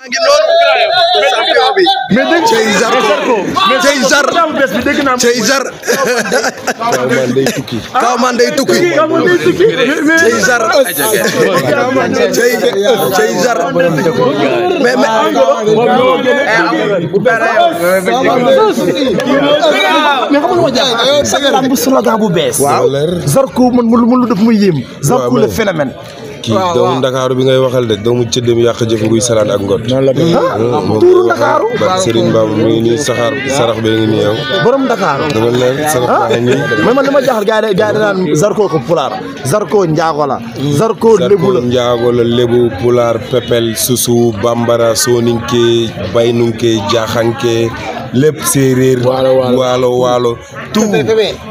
mais dégg nga cey zar cey zar kawman day tukki kawman day tukki cey zar cey cey zar mais mais xam nga bu slogan bu bees Zarko man mu lu def muy yéem Zarko le phénomène kii doomu ndakaaru bi ngay waxal de doomu cëddem yàq jëf nguy salaat ak ngot ah, hmm. ah, tuuru ndakaaru ba Serigne Baba mi ngi nii saxaar sarax bee ngi nii yow ah. borom ndakaaru dama ne sarax baa ngi nii mais man dama jaaxal gars yi gars yi naan Zarko ko pulaar Zarko njaago la hmm. Zarko lébu la njaago la lébu pulaar pepel susu bambara sooninke baynunke jaaxanke lépp séeréer waalo waalo tout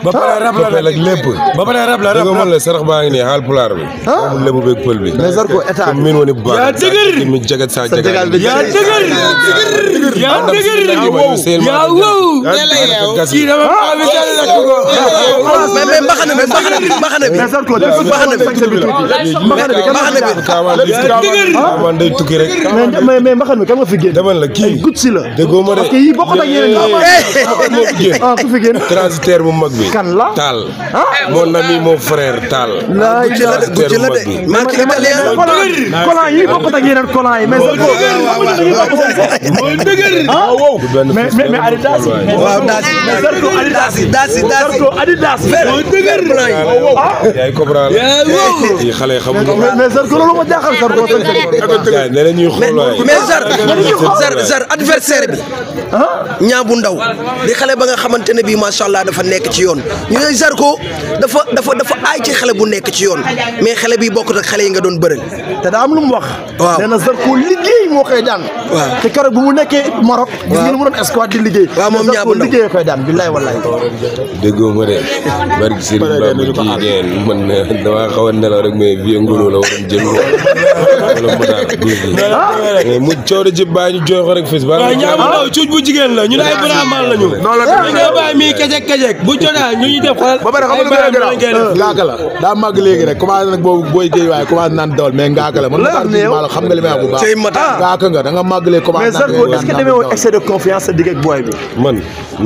ba pare rab la rek lépp ba pare rab la rab la mën la sarax baa ngi nii xaal pulaar bi amul lébu beeg pël bi mais Zarko état min woni bu baax mi jagat sa jagat yaa dëgër yaa dëgër yaa dëgër yaa wow kii dama paa bi dal lakk ko mais mais mbaxane bi mbaxane bi mbaxane bi mbaxane bi mbaxane bi yaa dëgër man day tukki rek mais mais mbaxane bi kan nga fi génn dama la kii gutsi la déggoo ma de parce que yi bokkut ak yéen ah, transitaire bu mag bi. kan la Tall. mon ami mon frère Tall. la collant yi bokkut ak yeneen collant ma jaaxal Zar adversaire ñaa bu ndaw di xale ba nga xamante ne bii macha allah dafa nekk ci yoon ñu ne Zarko dafa dafa dafa aay xale bu nekk ci yoon mais xale bi bokkut ak xale yi nga doon bëral te daa am lu mu wax. waaw nee na Zarko liggéey moo koy daan. waaw te keroog bu mu nekkee Maroc. waaw gis ngeen mu doon escouade di liggéey. waaw moom ñaabu ndaw liggéey koy daan billaay wallaay. déggoo ma de. barke Serigne Bamba kii deen man damaa xaw a nelaw rek mais vie ngolo la waroon jël wala motaar guy ah. mu coono ci baa ñu jooy ko rek fis. waaw ñaabu ndaw cuuj bu jigéen la ñu ne ay brahman lañu. non la dëgg la bàyyi mi kejek kejek bu jona ñu ñu def xoolal. ba pare xam nga la daa màgg léegi rek commencé nag boobu booy géey waaye commencé naan dawal mais ngaaka la man xam nga li may wax bu baax cey mata excès de confiance sa booy bi man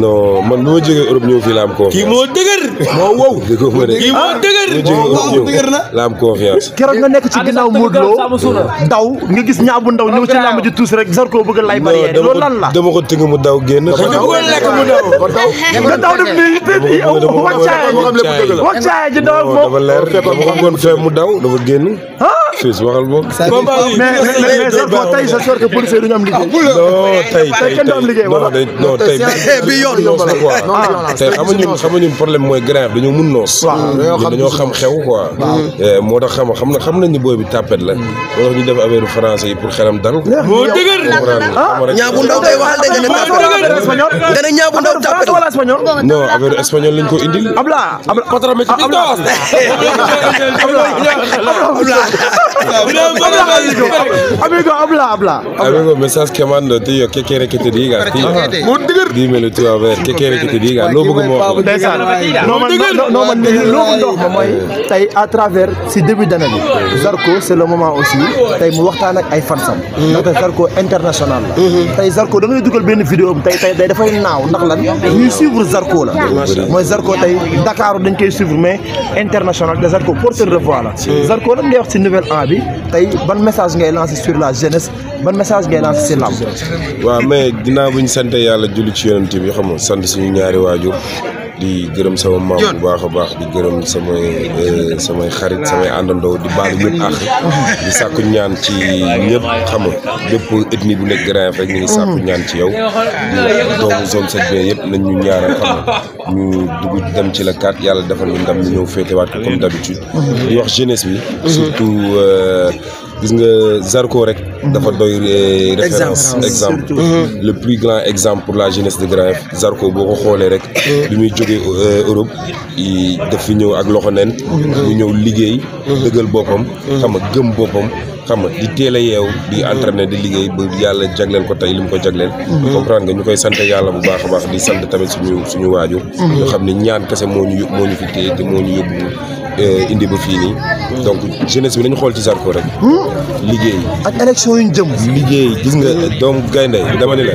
non man bi ma jógee ñëw fii la am confiance kii moo dëgër moo wow kii moo dëgër moo dëgër na la am confiance keroog nga nekk ci ginnaaw Modou Lo daw nga gis ñaabu ndaw ñëw ci làmb ji tuus rek Zarko bëgg a lay barrière loolu dama ko tënk mu daw génn dafa daw lekk mu daw nga daw dem dafa mu daw dafa génn Ciss waxal boog. mais cette fois tey je suis que policier du ñu am liggéey. Ah, non tey tey kenn du am liggéey wala. non tey eh, bi yoon noos la quoi. tey xamuñu xamuñu problème mooy grève dañoo mun noos. waaw dañoo xam xew quoi. Eh, moo tax xam xam na xam nañ ni booy bi tapet la. Hmm. moo tax ñu def affaire français yi pour xelam dal. moo dëgër ah, ñaabu ndaw kay waxal dëgg nga ne ñaabu ndaw tapet la espagnol. non affaire espagnol lañ ko indil. abla abla amigo habla habla amigo message che mando ti io che chiede che ti dica ti dimmelo tu a ver che chiede che ti dica lo bëgg mo Zarko c'est le moment aussi tey mu waxtaan ay fansam ndaxte Zarko international la Zarko da ngay dugal benn vidéo am tey dafay naaw ndax lan ñuy Zarko la mooy Zarko tey Dakar dañ koy suivre mais international te Zarko porteur de voix la Zarko lan ngay wax si nouvelle an bi tey ban message ngay lancé sur la jeunesse ban message ngay lancé si làmb. waaw mais ginnaaw bi ñu sante yàlla julli ci yonent bi xam nga sant suñu ñaari waajur. di gërëm sama maam bu baax a baax di gërëm samay euh, samay xarit samay àndandoo di baalu ñëpp àq di sàkku ñaan ci ñëpp xam nga bépp ethnie bu nekk Grand Yoff rek ngi sàkku mm-hmm. ñaan ci yow doomu zone 7B yëpp nañ ñu ñaanal xam nga ñu dugg dem ci la kat yàlla defal ñu ndam ñu ñëw féetewaat ko comme d'habitude mm-hmm. di wax jeunesse bi surtout euh, gis nga Zarko rek. dafa mhm. doy eh, référence exemple mhm. le plus grand exemple pour la jeunesse de Grand Yoff Zarko boo ko xoolee rek. Mhm. bi muy jógee euh, Europe daf fi ñëw ak loxo neen. mu ñëw liggéey. dëggal boppam. xam nga gëm boppam. xam nga di teel a yeew di entraîné di liggéey bu yàlla jagleel ko tey li mu ko jagleel comprendre nga ñu koy sant yàlla bu baax a baax di sant tamit suñu suñu waajur. ñoo xam ne ñaan kese moo ñu moo ñu fi téye te moo ñu yóbbu Euh, indi ba fii nii. donc jeunesse bi nañu xool ci Zarko rek. liggéey. ak élection jëm. liggéey gis nga doomu gaynde dama ni la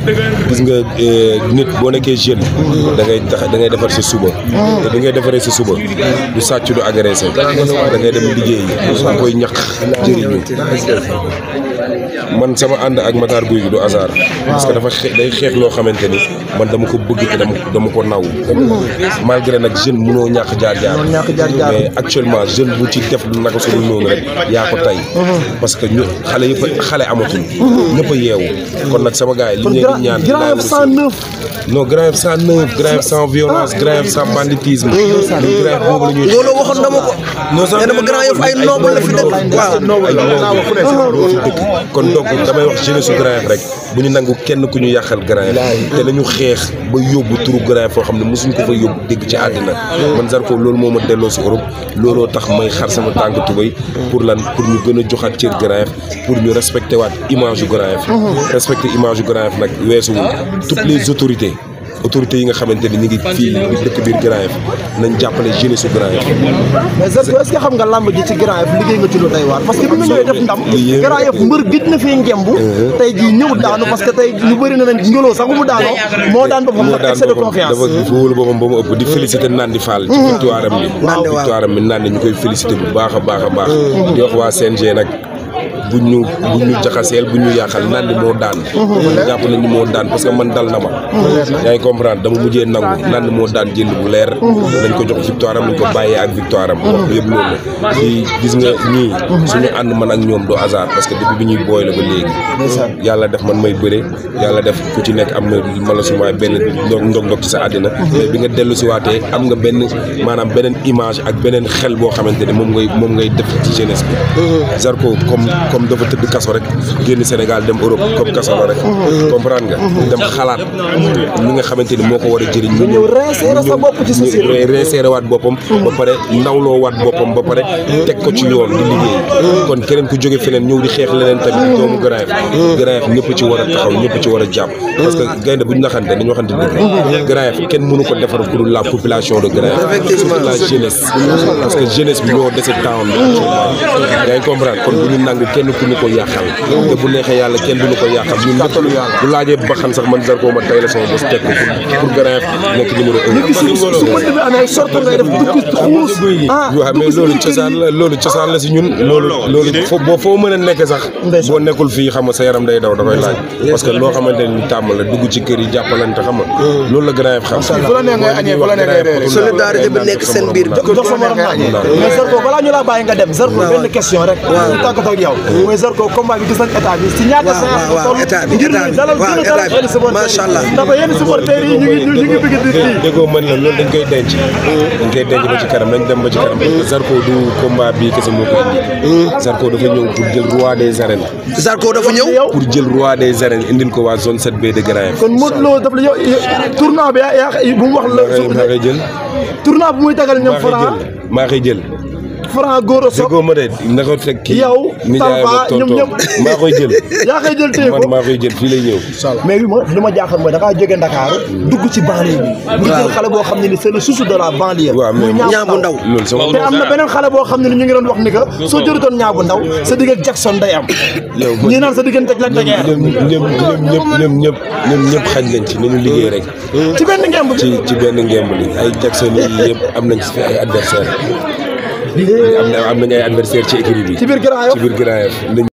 gis nga euh, nit boo nekkee jeune. da ngay tax da ngay defar sa suba. da mm. ngay defaree sa suba. du sàcc du agressé. da ngay dem liggéey. da koy ñaq jëriñu. man sama ànd ak Matar Gueye gi du hasard. parce dafa xeex loo xamante ni man dama ko bëgg te dama ko naw. malgré nag jeune mënoo ñàkk jaar jaar. mais actuellement jeune bu ci def naka su dul noonu rek yaa ko tay parce que ñu xale yëpp xale amatul. ñëpp a yeewu. kon nag sama gars yi li ñu leen di ñaan. Grand Yoff 109. Grand Yoff 109 Grand Yoff sans violence loolu Grand Yoff na ma ko. Grand Yoff ay noble la fi dëkk. waaw ay noble dëkk donc damay wax jeunesse Grand Yoff rek bu ñu nangu kenn ku ñu yàqal Grand Yoff te nañu xeex ba yóbbu turu Grand foo xam ne mosuñ ko fa yóbbu dégg ci àddina man Zarko loolu moo ma delloo si Europe looloo tax may xar sama tànk tubay pour lan pour ñu gën a joxaat ci Grand pour ñu respecté waat image yu Grand Yoff image yu Grand Yoff nag weesuwul toutes les autorités autorités yi nga xamante ni ñu ngi fii dëkk biir Grand Yoff nañ jàppale jeunesse su Grand Yoff. mais Zarko est-ce que xam nga làmb ji ci Grand Yoff liggéey nga ci lu waar. parce que bi nga ñëwee def ndam. na fee uh-huh. que tey ñu bëri sax bu daanoo. moo daan boppam ndax excès de confiance. dafa wóolu boppam ba mu ëpp di féliciter Nandi Fall. ci mm-hmm. victoire bi. waaw victoire am bi Nandi ñu koy féliciter bu baax a baax a baax. Mm-hmm. di wax waa CNG nag. buñ ñu buñ ñu jaxaseel buñ ñu yaaxal naan moo daan mhm. jàpp nañu moo daan parce que man dal na ma mhm. yaa ngi comprendre dama mujjee nangu mhm. naan ni moo daan jënd bu leer dañ ko jox victoire am nañ ko bàyyee ak victoire gis nga ñii suñu ànd man ak ñoom do hasard parce que depuis bi ñuy booy la ba léegi yàlla def man may bëre yàlla def ku ci nekk am na mala sumaay benn ndog ndog ndog ci sa àddina bi nga dellu si waatee am nga benn maanaam beneen image ak beneen xel boo xamante ne moom ngay moom ngay def ci jeunesse bi comme dafa tëdd kaso rek génn Sénégal dem Europe comme kaso la rek comprendre nga dem xalaat li nga xamante moo ko war a jëriñ mu ñëw réinsérer waat boppam ba pare nawloo waat boppam ba pare teg ko ci yoon di liggéey kon keneen ku jóge feneen ñëw di xeex leneen tamit doomu Grand Yoff Grand Yoff ñëpp ci war a taxaw ñëpp ci war a jàpp parce que gaynde bu ñu naxante dañu waxante dëgg Grand Yoff kenn mënu ko defar ku dul la population de Grand Yoff la jeunesse parce que jeunesse bi ñoo dese temps am yaa ngi kenn ku ñu ko yàqal te bu neexee yàlla kenn du ñu ko yàqal ñun la sama bos teg ko pour garaaf nekk a dugg ci kër yi jàppalante xam mm. loolu la garaaf xam bu la neex ngay añee bu balaa ñu laa bàyyi nga dem Zarko benn question rek ñu mooy Zarko combat bi gis nañ bi si bi état macha allah dafa yenn supporters loolu dañ koy denc dañ koy denc ba ci kanam dañ dem ba ci kanam mm. Zarko du combat bi kese moo koy indi mm. Zarko dafa ñëw pour jël roi dafa ñëw pour jël roi des arènes indil ko waa zone 7 de Grand Yoff kon Modou Lo daf la yow tournant bi la maa koy jël tournant bu muy dagal ñoom Franc maa koy Franc góor a soog ma de na kii yow Talfa ñoom ñëpp maa koy mais ma li ma jaaxal mooy da ngaa jóge Dakar hmm. ci banlieue bi ngi jël xale xam ne ni c'est le sousou de la na beneen xale boo xam ne ngi doon wax ni que soo jërutoon ñaabu ndaw sa digg ak Jackson day am ñi naan sa diggante ak la tegeer ñëpp ñoom ñëpp ci nañu liggéey rek ci benn ngemb ci benn ngemb li ay Jackson yi yëpp am nañ ci ay adversaire am na am nañ ay adversaire ci écurie bi. ci biir Grand Yoff ci biir Grand Yoff